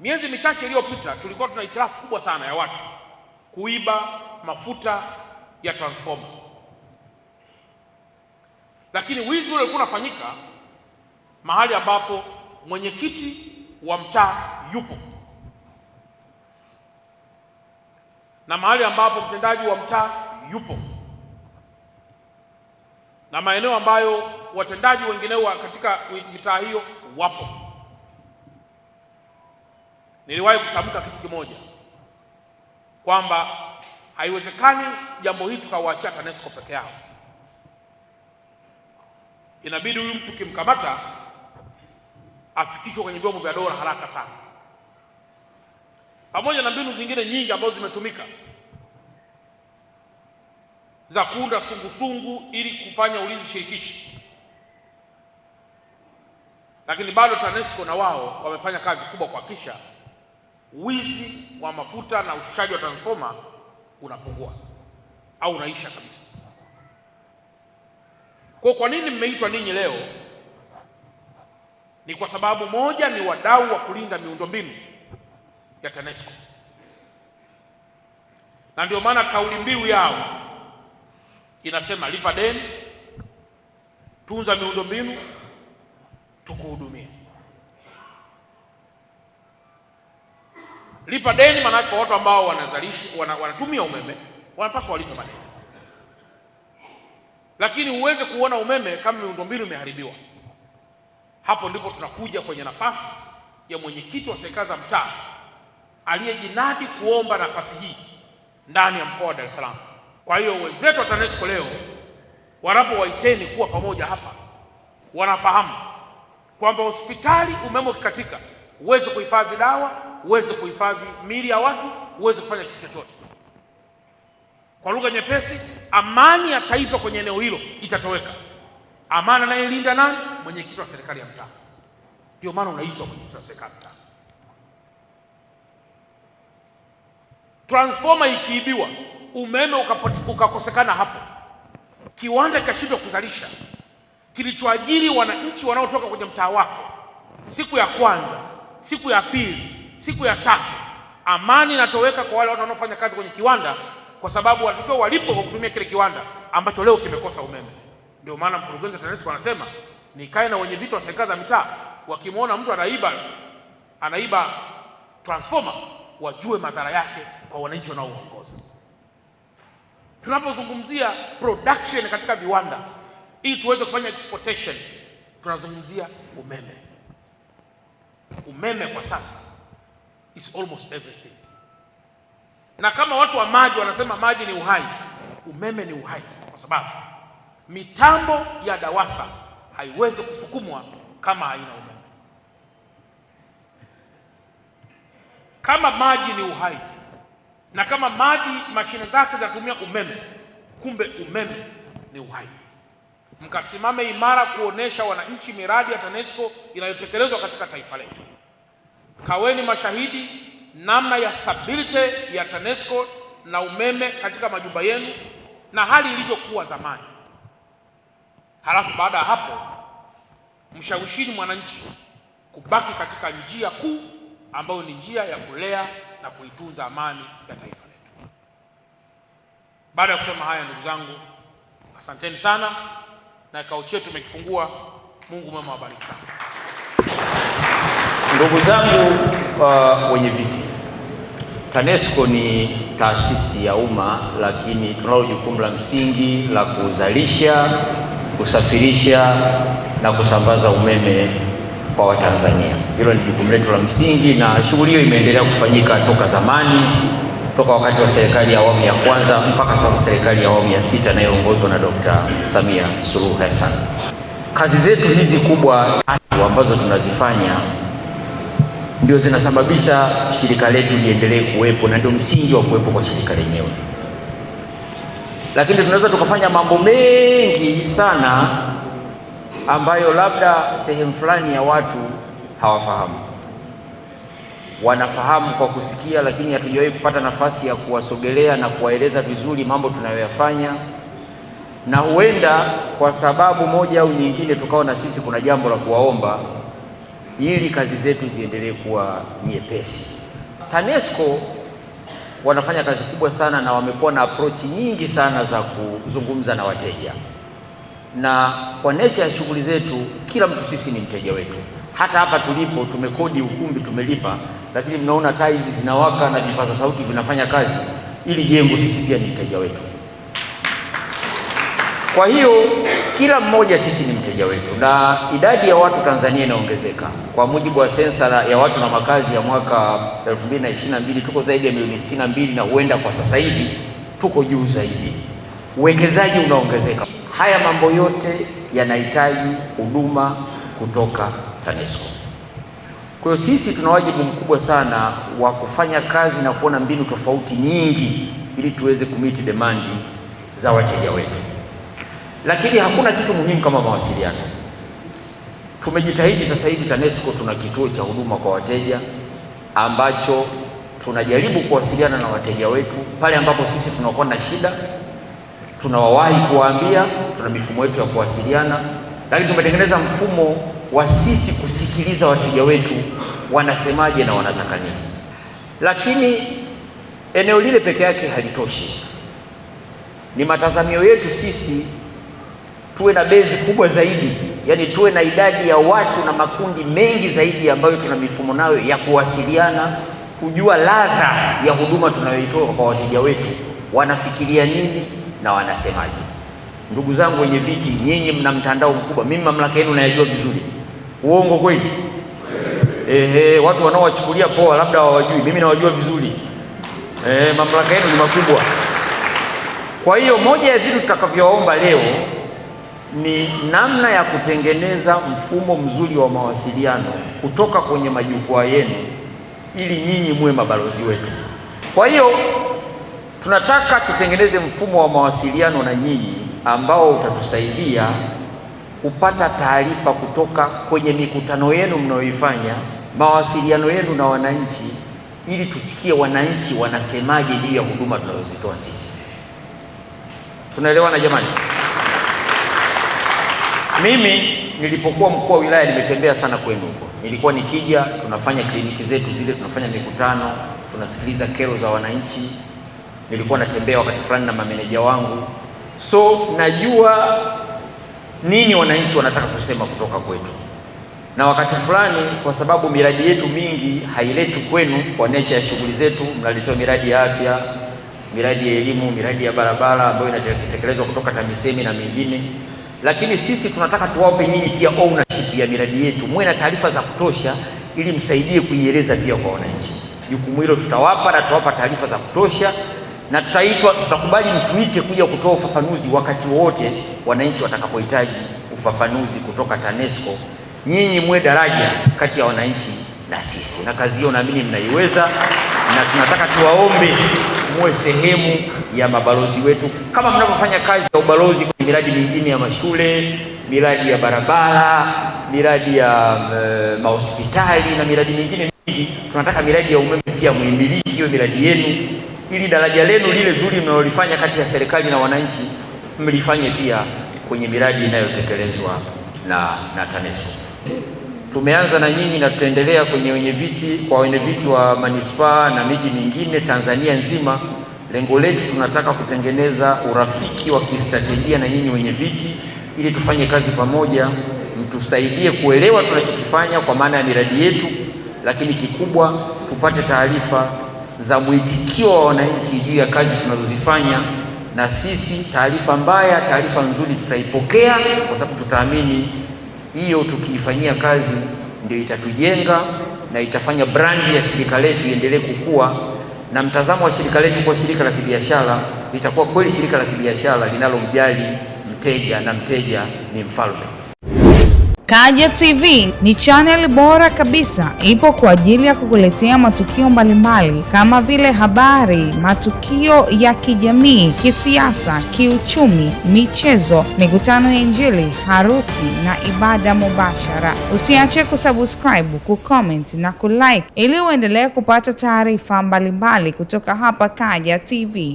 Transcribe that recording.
Miezi michache iliyopita tulikuwa tuna itilafu kubwa sana ya watu kuiba mafuta ya transformer, lakini wizi ule ulikuwa unafanyika mahali ambapo mwenyekiti wa mtaa yupo na mahali ambapo mtendaji wa mtaa yupo na maeneo ambayo watendaji wengineo wa katika mitaa hiyo wapo. Niliwahi kutamka kitu kimoja kwamba haiwezekani jambo hili tukawaachia TANESCO peke yao. Inabidi huyu mtu kimkamata afikishwe kwenye vyombo vya dola haraka sana, pamoja na mbinu zingine nyingi ambazo zimetumika za kuunda sungusungu ili kufanya ulinzi shirikishi, lakini bado TANESCO na wao wamefanya kazi kubwa kuhakikisha wizi wa mafuta na ushushaji wa transfoma unapungua au unaisha kabisa. Kwa kwa nini mmeitwa ninyi leo? Ni kwa sababu moja, ni wadau wa kulinda miundombinu ya TANESCO na ndio maana kauli mbiu yao inasema lipa deni, tunza miundombinu, tukuhudumia. Lipa deni maanake watu ambao wanazalisha wana, wanatumia umeme wanapaswa walipe madeni, lakini huweze kuona umeme kama miundombinu imeharibiwa. Hapo ndipo tunakuja kwenye nafasi ya mwenyekiti wa serikali za mtaa aliyejinadi kuomba nafasi hii ndani ya mkoa wa Dar es Salaam. Kwa hiyo wenzetu wa TANESCO leo wanapowaiteni kuwa pamoja hapa, wanafahamu kwamba hospitali umeme ukikatika, uweze kuhifadhi dawa, uweze kuhifadhi miili ya watu, uweze kufanya kitu chochote. Kwa lugha nyepesi, amani ya taifa kwenye eneo hilo itatoweka. Amani anayelinda nani? Mwenyekiti wa serikali ya mtaa. Ndio maana unaitwa mwenyekiti wa serikali ya mtaa. Transformer ikiibiwa umeme ukakosekana hapo, kiwanda kikashindwa kuzalisha, kilichoajiri wananchi wanaotoka kwenye mtaa wako, siku ya kwanza, siku ya pili, siku ya tatu, amani inatoweka kwa wale watu wanaofanya kazi kwenye kiwanda, kwa sababu wanatakiwa walipo kwa kutumia kile kiwanda ambacho leo kimekosa umeme. Ndio maana mkurugenzi wa TANESCO anasema nikae na wenye viti wa serikali za mitaa, wakimwona mtu anaiba anaiba transformer wajue madhara yake kwa wananchi wanaoongoza. Tunapozungumzia production katika viwanda ili tuweze kufanya exportation, tunazungumzia umeme. Umeme kwa sasa is almost everything, na kama watu wa maji wanasema maji ni uhai, umeme ni uhai, kwa sababu mitambo ya DAWASA haiwezi kusukumwa kama haina umeme. Kama maji ni uhai na kama maji mashine zake zinatumia umeme, kumbe umeme ni uhai. Mkasimame imara kuonesha wananchi miradi ya TANESCO inayotekelezwa katika taifa letu. Kaweni mashahidi namna ya stability ya TANESCO na umeme katika majumba yenu na hali ilivyokuwa zamani. Halafu baada ya hapo, mshawishini mwananchi kubaki katika njia kuu ambayo ni njia ya kulea na kuitunza amani ya taifa letu. Baada ya kusema haya, ndugu zangu, asanteni sana na kikao chetu tumekifungua. Mungu mwema awabariki sana ndugu zangu. Uh, wenye viti, TANESCO ni taasisi ya umma, lakini tunalo jukumu la msingi la kuzalisha, kusafirisha na kusambaza umeme kwa Watanzania. Hilo ni jukumu letu la msingi, na shughuli hiyo imeendelea kufanyika toka zamani, toka wakati wa serikali ya awamu ya kwanza mpaka sasa serikali ya awamu ya sita inayoongozwa na, na Dr. Samia Suluhu Hassan. Kazi zetu hizi kubwa tatu ambazo tunazifanya ndio zinasababisha shirika letu liendelee kuwepo na ndio msingi wa kuwepo kwa shirika lenyewe, lakini tunaweza tukafanya mambo mengi sana ambayo labda sehemu fulani ya watu hawafahamu. Wanafahamu kwa kusikia, lakini hatujawahi kupata nafasi ya kuwasogelea na kuwaeleza vizuri mambo tunayoyafanya, na huenda kwa sababu moja au nyingine tukawa na sisi kuna jambo la kuwaomba ili kazi zetu ziendelee kuwa nyepesi. TANESCO wanafanya kazi kubwa sana na wamekuwa na approach nyingi sana za kuzungumza na wateja na kwa nature ya shughuli zetu, kila mtu sisi ni mteja wetu. Hata hapa tulipo tumekodi ukumbi, tumelipa, lakini mnaona taa hizi zinawaka na vipaza sauti vinafanya kazi. Ili jengo sisi pia ni mteja wetu. Kwa hiyo kila mmoja sisi ni mteja wetu, na idadi ya watu Tanzania inaongezeka. Kwa mujibu wa sensa ya watu na makazi ya mwaka 2022 tuko zaidi ya milioni 62, na huenda kwa sasa hivi tuko juu zaidi. Uwekezaji unaongezeka. Haya mambo yote yanahitaji huduma kutoka TANESCO. Kwa hiyo sisi tuna wajibu mkubwa sana wa kufanya kazi na kuona mbinu tofauti nyingi ili tuweze kumiti demandi za wateja wetu, lakini hakuna kitu muhimu kama mawasiliano. Tumejitahidi sasa hivi TANESCO tuna kituo cha huduma kwa wateja ambacho tunajaribu kuwasiliana na wateja wetu pale ambapo sisi tunakuwa na shida tunawawahi kuwaambia, tuna mifumo yetu ya kuwasiliana, lakini tumetengeneza mfumo wa sisi kusikiliza wateja wetu wanasemaje na wanataka nini. Lakini eneo lile peke yake halitoshi, ni matazamio yetu sisi tuwe na bezi kubwa zaidi, yani tuwe na idadi ya watu na makundi mengi zaidi ambayo tuna mifumo nayo ya kuwasiliana, kujua ladha ya huduma tunayoitoa kwa wateja wetu, wanafikiria nini na wanasemaje. Ndugu zangu wenye viti, nyinyi mna mtandao mkubwa, mimi mamlaka yenu nayajua vizuri. Uongo kweli? Ehe, watu wanaowachukulia poa labda hawajui, mimi nawajua vizuri. Ehe, mamlaka yenu ni makubwa. Kwa hiyo moja ya vitu tutakavyoomba leo ni namna ya kutengeneza mfumo mzuri wa mawasiliano kutoka kwenye majukwaa yenu ili nyinyi muwe mabalozi wetu. Kwa hiyo Tunataka tutengeneze mfumo wa mawasiliano na nyinyi ambao utatusaidia kupata taarifa kutoka kwenye mikutano yenu mnayoifanya, mawasiliano yenu na wananchi, ili tusikie wananchi wanasemaje juu ya huduma tunazozitoa sisi. Tunaelewana jamani? Mimi nilipokuwa mkuu wa wilaya nimetembea sana kwenu huko, nilikuwa nikija, tunafanya kliniki zetu zile, tunafanya mikutano, tunasikiliza kero za wananchi nilikuwa natembea wakati fulani na mameneja wangu, so najua nini wananchi wanataka kusema kutoka kwetu. Na wakati fulani, kwa sababu miradi yetu mingi hailetu kwenu kwa nature ya shughuli zetu, mnaletewa miradi ya afya, miradi ya elimu, miradi ya barabara ambayo inatekelezwa kutoka TAMISEMI na mingine, lakini sisi tunataka tuwape nyinyi pia ownership ya miradi yetu, muwe na taarifa za kutosha ili msaidie kuieleza pia kwa wananchi. Jukumu hilo tutawapa na tutawapa taarifa za kutosha na tutaitwa, tutakubali mtuite kuja kutoa ufafanuzi wakati wowote wananchi watakapohitaji ufafanuzi kutoka TANESCO. Nyinyi mwe daraja kati ya wananchi na sisi, na kazi hiyo naamini mnaiweza, na tunataka tuwaombe muwe sehemu ya mabalozi wetu kama mnavyofanya kazi ya ubalozi kwenye miradi mingine ya mashule, miradi ya barabara, miradi ya eh, mahospitali na miradi mingine mingi. Tunataka miradi ya umeme pia muhimili hiyo miradi yenu ili daraja lenu lile zuri mnalolifanya kati ya serikali na wananchi mlifanye pia kwenye miradi inayotekelezwa na, na TANESCO. Tumeanza na nyinyi na tutaendelea kwenye wenye viti kwa wenyeviti wa manispaa na miji mingine Tanzania nzima. Lengo letu tunataka kutengeneza urafiki wa kistratejia na nyinyi wenye viti ili tufanye kazi pamoja, mtusaidie kuelewa tunachokifanya kwa maana ya miradi yetu, lakini kikubwa tupate taarifa za mwitikio wa wananchi juu ya kazi tunazozifanya, na sisi taarifa mbaya, taarifa nzuri tutaipokea, kwa sababu tutaamini hiyo tukiifanyia kazi ndio itatujenga na itafanya brandi ya shirika letu iendelee kukua, na mtazamo wa shirika letu kwa shirika la kibiashara litakuwa kweli shirika la kibiashara linalomjali mteja, na mteja ni mfalme. Kaja TV ni channel bora kabisa, ipo kwa ajili ya kukuletea matukio mbalimbali kama vile habari, matukio ya kijamii, kisiasa, kiuchumi, michezo, mikutano ya Injili, harusi na ibada mubashara. Usiache kusubscribe, kucomment na kulike ili uendelee kupata taarifa mbalimbali kutoka hapa Kaja TV.